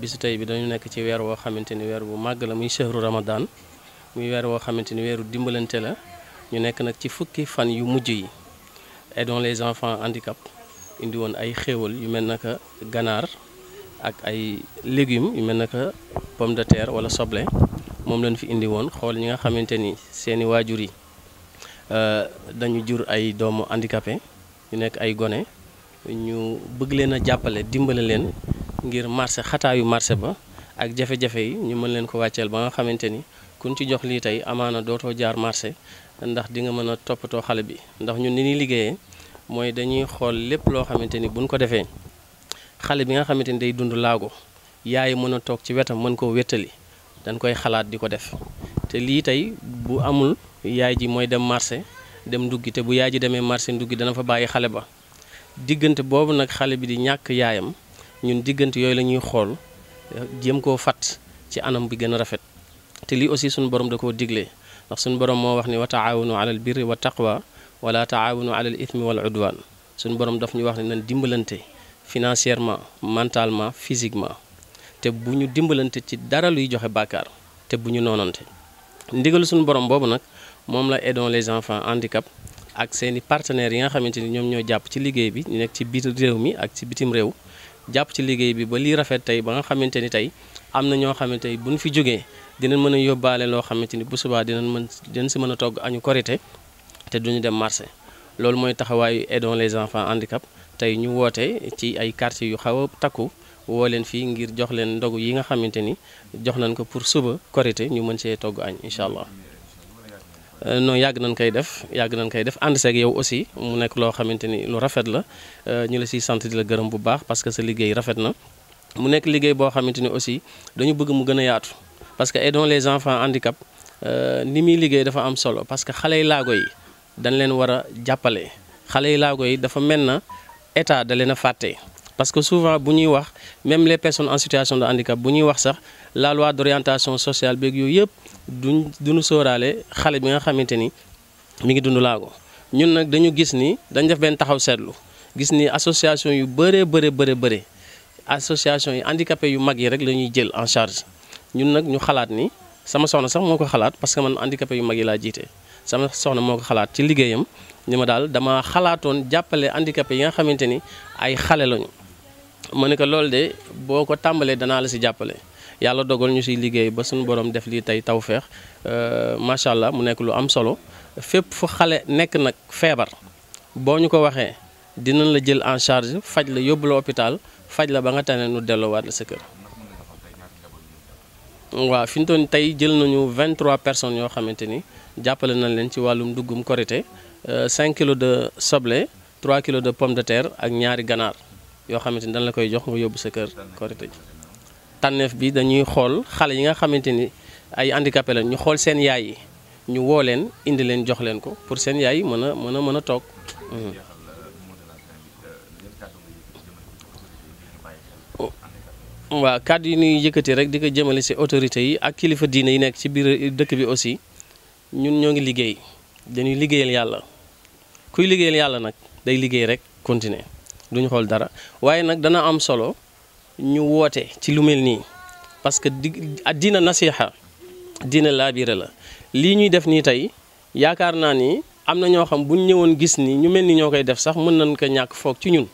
bisu tey bi dañu nekk ci weer woo xamante ni weer bu màgg la muy shahru ramadan muy weer woo xamante ni weeru dimbalante la ñu nekk nag ci fukki fan yu mujj yi aidons les enfants handicap indi woon ay xéewal yu mel naka ganaar ak ay légumes yu mel naka pomme de terre wala soble moom lañ fi indi woon xool ñi nga xamante ni seeni waajur yi euh, dañu jur ay doomu handicapé yu nekk ay gone ñu bëgg leen a jàppale dimbale leen ngir marché xataayu marché ba ak jafe-jafe yi ñu mën leen ko wàcceel ba nga xamante ni kuñ ci jox lii tey amaana dootoo jaar marché ndax di nga mën a toppatoo xale bi ndax ñun ni ñuy liggéeyee mooy dañuy xool lépp loo xamante ni buñ ko defee xale bi nga xamante ni day dund laago yaay mën a toog ci wetam mën koo wéttali dañ koy xalaat di ko def te lii tey bu amul yaay ji mooy dem marché dem nduggi te bu yaay ji demee marché nduggi dana fa bàyyi xale ba diggante boobu nag xale bi di ñàkk yaayam ñun diggante yooyu la ñuy xool jéem koo fat ci anam bi gën a rafet te lii aussi suñu borom da koo digle ndax suñu borom moo wax ni wa taawunu alal birri wa taqwa wala taawunu alal ithmi wala udwan suñu borom daf ñu wax ne nañ dimbalante financièrement mentalement physiquement te bu ñu dimbalante ci dara luy joxe bàkkaar te bu ñu noonante ndigal suñu borom boobu nag moom la aidons les enfants handicap ak seeni partenaires yi nga xamante ni ñoom ñoo jàpp ci liggéey bi ñu nekk ci biir réew mi ak ci bitim réew jàpp ci liggéey bi ba lii rafet tey ba nga xamante ni tey am na ñoo xamante ni bu ñu fi jógee dinañ mën a yóbbaale loo xamante ni bu subaa dinañ mën dinañ si mën a togg añu korité te duñu dem marché loolu mooy taxawaayu aidons les enfants handicap tey ñu woote ci ay quartiers yu xaw a takku woo leen fii ngir jox leen ndogu yi nga xamante ni jox nañ ko pour suba korité ñu mën see togg añ incha allah Euh, non yàgg nañ koy def yàgg nañ koy def ànd yow aussi mu nekk loo xamante ni lu rafet la euh, ñu la siy sant di la gërëm bu baax parce que sa liggéey rafet na mu nekk liggéey boo xamante ni aussi dañu bëgg mu gën a yaatu parce que aidons les enfants handicap euh, ni muy liggéey dafa am solo parce que xale yi laago yi dañ leen war a jàppale xale yi laago yi dafa mel na état da leen a fàtte. parce que souvent bu ñuy wax même les personnes en situation de handicap bu ñuy wax sax la loi d'orientation sociale beeg yooyu yëpp duñ duñu sóoraale xale bi nga xamante ni mi ngi dund laago ñun nag dañu gis ni dañu def benn taxaw seetlu gis ni association yu bëree bëri bëri bëri association yi handicapé yu mag yi rek la ñuy jël en charge ñun nag ñu xalaat ni sama soxna sax moo ko xalaat parce que man handicapé yu mag yi laa jiite sama soxna moo ko xalaat ci liggéeyam ni ma daal dama xalaatoon jàppale handicapé yi nga xamante ni ay xale lañu ma ne ko loolu de boo ko tàmbalee danaa la si jàppale yàlla dogal ñu siy liggéey ba suñu borom def lii tey tawféex euh, macha allah mu nekk lu am solo fépp fu xale nekk nag feebar boo ñu ko waxee dinañ la jël en charge faj la yóbbu la hôpital faj la ba nga tane nu delloowaat la sa kër. waaw fi ñu toon tey jël nañu 23 personnes yoo xamante ni jàppale nañ leen ci wàllum duggum korité 5 euh, kilos de soble 3 kilo de pomme de terre ak ñaari ganaar. yoo xamante ni dañ la koy jox nga yóbbu sa kër korite ji tànneef bi dañuy xool xale yi nga xamante ni ay handicapé lañ ñu xool seen yaay yi ñu woo leen indi leen jox leen ko pour seen yaay yi mën a mën a mën a toog. Hmm. waaw kàddu yi ñuy yëkkati rek di ko jëmale si autorité yi ak kilifa diine yi nekk ci biir dëkk bi aussi ñun ñoo ngi liggéey dañuy liggéeyal yàlla kuy liggéeyal yàlla nag day liggéey rek continuer. duñu xool dara waaye nag dana am solo ñu woote ci lu mel nii parce que diina nasiha diina laabire la lii ñuy def nii tey yaakaar naa ni am na ñoo xam bu buñ ñëwoon gis ni ñu mel ni ñoo koy def sax mën nañ ko ñàkk foog ci ñun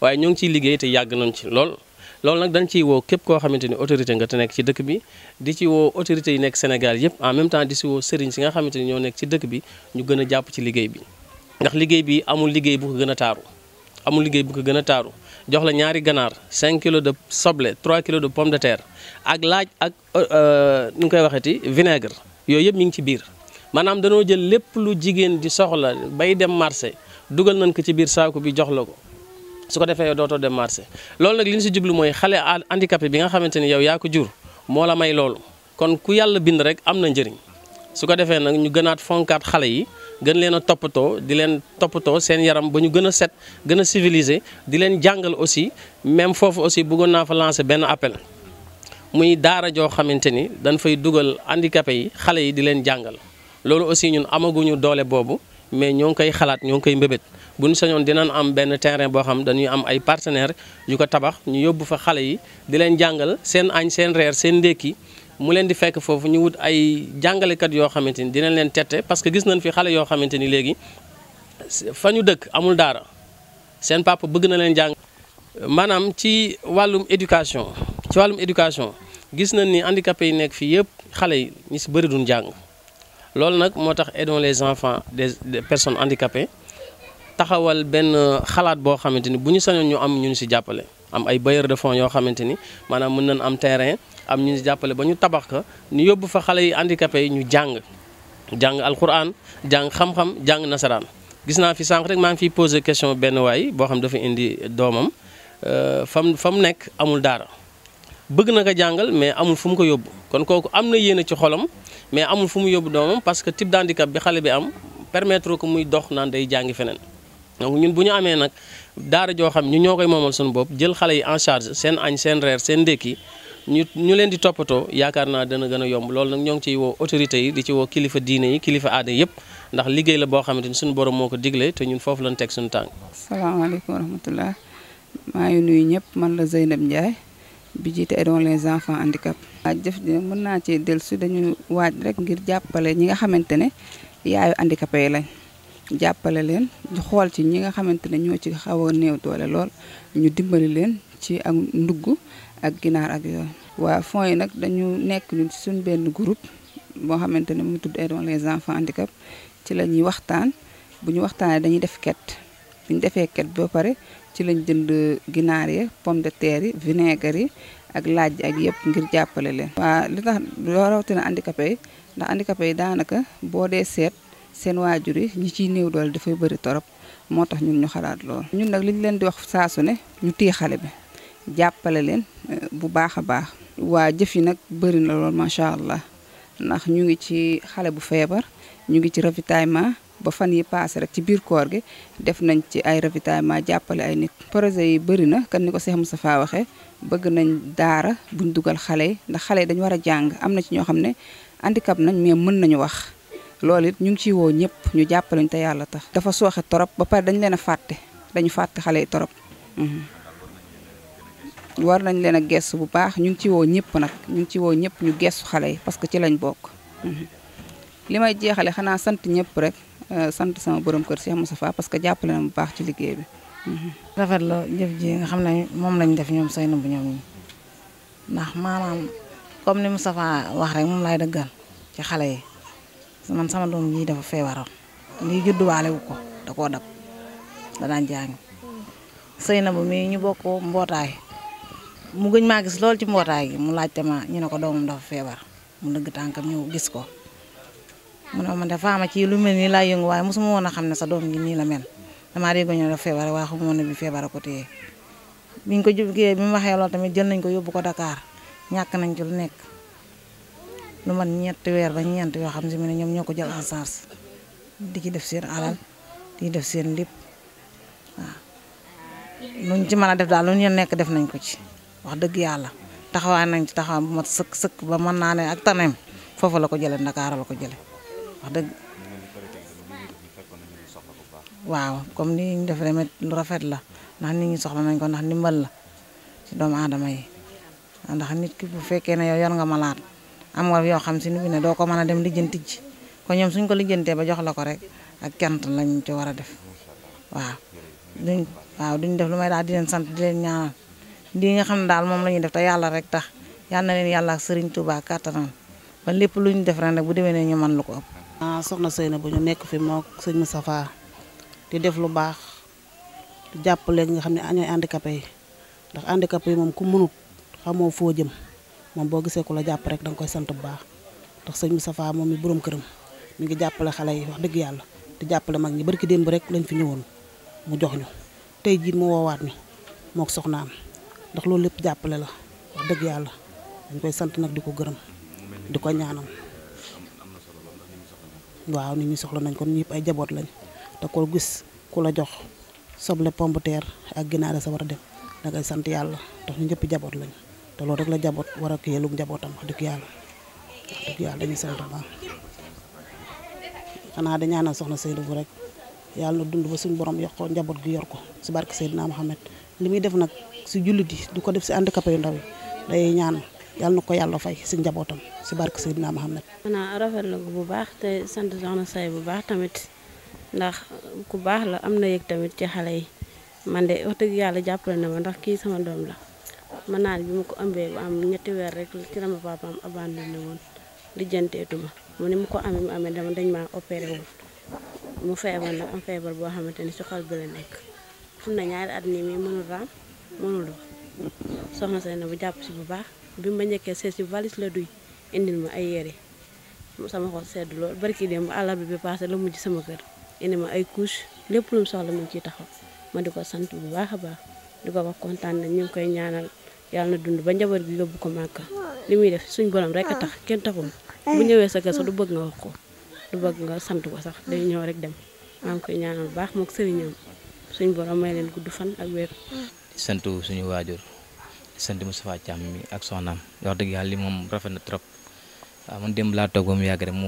waaye ñoo ngi ciy liggéey te yàgg nañ ci lool loolu nag dañ ciy woo képp koo xamante ni autorité nga te nekk ci dëkk bi di ci woo autorité yi nekk Sénégal yëpp en même temps di si woo sëriñ si nga xamante ni ñoo nekk ci dëkk bi ñu gën a jàpp ci liggéey bi ndax bi amul liggéey bu gën a taaru amul liggéey bu ko gën a taaru jox la ñaari ganaar 5 kilos de soble 3 kilos de pomme de terre ak laaj ak euh, euh, nu ngi koy waxeeti vinaigre yooyu yëpp mi ngi ci biir maanaam danoo jël lépp lu jigéen di soxla bay dem marché dugal nañ ko ci biir saako bi jox la ko su ko defee yow dootoo dem marché loolu nag li ñu si jublu mooy xale handicapé bi nga xamante ni yow yaa ko jur moo la may loolu kon ku yàlla bind rek am na njëriñ su ko defee nag ñu gënaat fonkaat xale yi gën leen a toppatoo di leen toppatoo seen yaram ba ñu gën a set gën a civilisé di leen jàngal aussi même foofu aussi bëggoon naa fa lancer benn appel muy daara joo xamante ni dañ fay dugal handicapé yi xale yi di leen jàngal loolu aussi ñun amaguñu doole boobu mais ñoo ngi koy xalaat ñoo ngi koy mbébét bu ñu sañoon dinañ am benn terrain boo xam dañuy am ay partenaires yu ko tabax ñu yóbbu fa xale yi di leen jàngal seen añ seen reer seen ndékki mu leen di fekk foofu ñu wut ay jàngalekat yoo xamante ni dinañ leen tette parce que gis nañ fi xale yoo xamante ni léegi fa ñu dëkk amul daara seen papa bëgg na leen jàng. maanaam ci wàllum éducation ci wàllum éducation gis nañ ni handicapé yi nekk fii yëpp xale yi ñu si bëri duñ jàng loolu nag moo tax aidons les enfants des des personnes handicapées taxawal benn xalaat boo xamante ni bu ñu sañoon ñu am ñu si jàppale. am ay bailleurs de fonds yoo xamante ni maanaam mën nañ am terrain am ñu jàppale ba ñu tabax ka ñu yóbbu fa xale yi handicapé yi ñu jàng jàng alquran jàng xam-xam jàng nasaraan. gis naa fi sànq rek maa ngi fiy posé question benn waay boo xam dafa indi doomam euh, fam fa mu nekk amul daara bëgg na ko jàngal mais amul fu mu ko yóbbu kon kooku am na yéene ci xolam mais amul fu mu yóbbu doomam parce que type d'handicap bi xale bi am permettre ko muy dox naan day jàngi feneen. donc ñun bu ñu amee nag daara joo xam ñu ñoo koy moomal suñu bopp jël xale yi en seen añ seen reer seen ndékki ñu ñu leen di toppatoo yaakaar naa dana gën a yomb loolu nag ñoo ngi ciy woo autorités yi di ci woo kilifa diine yi kilifa aada yëpp ndax liggéey la boo xamante ni suñu borom moo ko digle te ñun foofu lañ teg suñu tànk. salaamaaleykum wa rahmatulah maa ngi nuyu ñëpp man la Zeynab Ndiaye bi jiite aidons les enfants handicap. waaw jëf ji mën naa cee dellu si dañu waaj rek ngir jàppale ñi nga xamante ne yaayu handicapé lañ. jàppale leen xool ci ñi nga xamante ne ñoo ci xaw néew doole lool ñu dimbali leen ci ak ndugg ak ginaar ak yoon waa fonds yi nag dañu nekk ñun ci suñ benn groupe boo xamante ne mu ngi tudd aidons les enfants handicap ci la ñuy waxtaan bu ñu waxtaanee dañuy def ket bu defee ket ba pare ci lañ jënd ginaar yi pomme de terre yi vinaigre yi ak laaj ak yëpp ngir jàppale leen. waa li tax rawatina handicapé yi ndax handicapé daanaka boo dee seet. seen waajur yi ñi ciy néew doole dafay bëri torop moo tax ñun ñu xalaat lool. ñun nag li ñu leen di wax saasu ne ñu téye xale bi jàppale leen eh, bu baax a baax. waa jëf yi nag bëri na lool macha allah ndax ñu ngi ci xale bu feebar ñu ngi ci ravitaillement ba fan yi paase rek ci biir koor gi def nañ ci ay ravitaillement jàppale ay nit. projet yi bëri na kan ni ko Cheikh Moustapha waxee bëgg nañ daara buñ dugal xale yi ndax xale yi dañ war a jàng am na ci ñoo xam ne handicap nañ mais mën nañu wax. loolu it ñu ngi ciy woo ñëpp ñu jàppalañ te yàlla tax dafa sooxe torop ba pare dañ leen a fàtte dañu fàtte xale yi torop mhm. war nañ leen a gestu bu baax ñu ngi ci woo ñëpp nag ñu ngi ci woo ñëpp ñu gestu xale yi parce que ci lañ bokk mhm. li may jeexale xanaa sant ñëpp rek euh, sant sama borom kër Cheikh Moustapha parce que jàppale na bu baax ci liggéey mhm. rafet la jëf ji xam ne moom lañ def ñoom say bu ñoom ñi ndax maanaam comme ni Moustapha wax rek moom laay dëggal ci xale yi man sama doom yi dafa feebaroon lii judduwaale wu ko da koo dab danaan jàng sëy na bu mi ñu bokk mbootaay mu gëñ maa gis lool ci mbootaay gi mu laajte ma ñu ne ko doom dafa feebar mu dëgg tànkam ñëw gis ko mu ne man dafa ama ci lu mel nii laa yëngu waaye mosuma woon a xam ne sa doom gi nii la mel damaa dégg ñu ne dafa feebar waaye xamuma ne bi feebar ko téye biñ ko jubgee bi mu waxee lool tamit jël nañ ko yóbbu ko Dakar ñàkk nañ ci nekk lu man ñetti weer ba ñeent yoo xam si ne ñoom ñoo ko jël en charge di ci def seen alal di def seen lépp waaw luñ ci mën a def daal lu ñu nekk def nañ ko ci wax dëgg yàlla taxawaan nañ ci taxawaay bu mat sëkk sëkk ba mën naa ne ak taneem foofu la ko jëlee Ndakaaru la ko jëlee wax dëgg waaw comme ni ñu def remet lu rafet la ndax nit ñi soxla nañ ko ndax ndimbal la doomu aadama yi ndax nit ki bu fekkee ne yow yor nga malaat am nga yoo xam si ni bi ne doo ko mën a dem lijjanti ji ko ñoom suñ ko lijjantee ba jox la ko rek ak kent lañ ci war a def waaw duñ def lu may daal di leen sant di leen ñaanal lii nga xam ne daal moom la ñuy def te yàlla rek tax yal na leen yàlla ak Serigne Touba lépp lu ñu def rek bu demee ne ñu man lu ko ëpp. ah soxna Seyna bu ñu nekk fi moo sëñ Moustapha di def lu baax di jàppale nga xam ne ñooy handicapé yi ndax handicapé yi moom ku mënut xamoo foo jëm. moom boo gisee ku la jàpp rek danga koy sant bu baax ndax sëñ Moustapha moom mi borom këram mi ngi jàppale xale yi wax dëgg yàlla te jàppale mag ñi barki démb rek lañ fi ñëwoon mu jox ñu tey jii mu woowaat ñu mook soxnaam ndax loolu lépp jàppale la dëgg yàlla dañ koy sant nag di ko gërëm di ko ñaanal waaw nit ñi soxla nañ kon ñëpp ay jaboot lañ te ko gis ku la jox soble pomme de terre ak ginaar sa war a dem dangay sant yàlla ndax ñu ñëpp jaboot lañ te loolu rek la jaboot war a kiyalug njabootam wax dëgg yàlla wax dëgg sant bu baax xanaa di ñaanal soxna Seydou bu rek yàlla na dund ba suñu borom yokk ko njaboot gi yor ko si barke Seydina Mohamed li muy def nag si jullit yi du ko def si handicapé yu ndaw day ñaan yàlla na ko yàlla fay si njabootam si barke Seydina Mohamed. xanaa rafetlu ko bu baax te sant soxna say bu baax tamit ndax ku baax la am na yëg tamit ci xale yi man de wax dëgg yàlla jàppale na ma ndax kii sama doom la. man naa bi ma ko ëmbee ba am ñetti weer rek ci dama papaam abandonné woon lijjanteetuma mu ni mu ko amee mu amee dama dañ maa opéré woon mu feebar nag am feebar boo xamante ni ci xol bi la nekk xam ne ñaari at nii mii mënul raam mënul dox soxna bu jàpp si bu baax bi ma njëkkee seet si valise la duy indil ma ay yére sama xol sedd bari barki dem ba àllarba bi passé la mujj sama kër indi ma ay couche lépp lu mu soxla mu ciy taxaw ma di ko sant bu baax a baax di ko wax kontaan na ñu ngi koy ñaanal yàlla na dund ba njaboot gi yóbbu ko màkka li muy def suñ borom rek a tax ah. kenn taxul mu eh. ñëwee sa kër sax du bëgg nga wax ko du bëgg nga sant ko sax day ñëw rek dem maa ngi koy baax moog sëriñam suñ borom may leen gudd fan ak wér. Hmm. sant suñu waajur sant sa Thiam mi ak soxnaam wax dëgg yàlla li moom rafet na trop waaw ah, man démb laa mu yàgg rek mu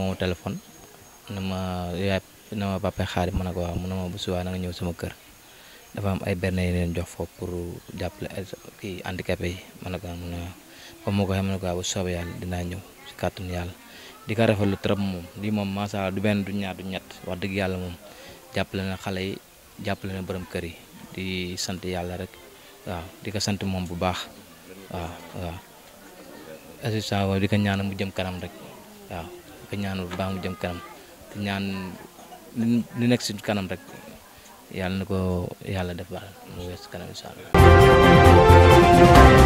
na ma yaay na ma papa ko mu ne ma bu na nga ñëw sama kër. dafa am ay benn yi jox foofu pour jàppale kii handicapé yi ma ne ko ah ma ne ko ma ko xam ne bu soobee yàlla dinaa ñëw si kàttanu yàlla di ko rafetlu trop moom lii moom macha du benn du ñaar du ñett wax dëgg yàlla moom jàppale na xale yi jàppale borom kër yi di sant yàlla rek di ko sant moom bu baax waaw waaw assistant boobu di ko ñaan mu jëm kanam rek waaw di ko ñaan bu baax mu jëm kanam di ñaan li nekk si kanam rek. yàlla na ko yàlla def baax mu wees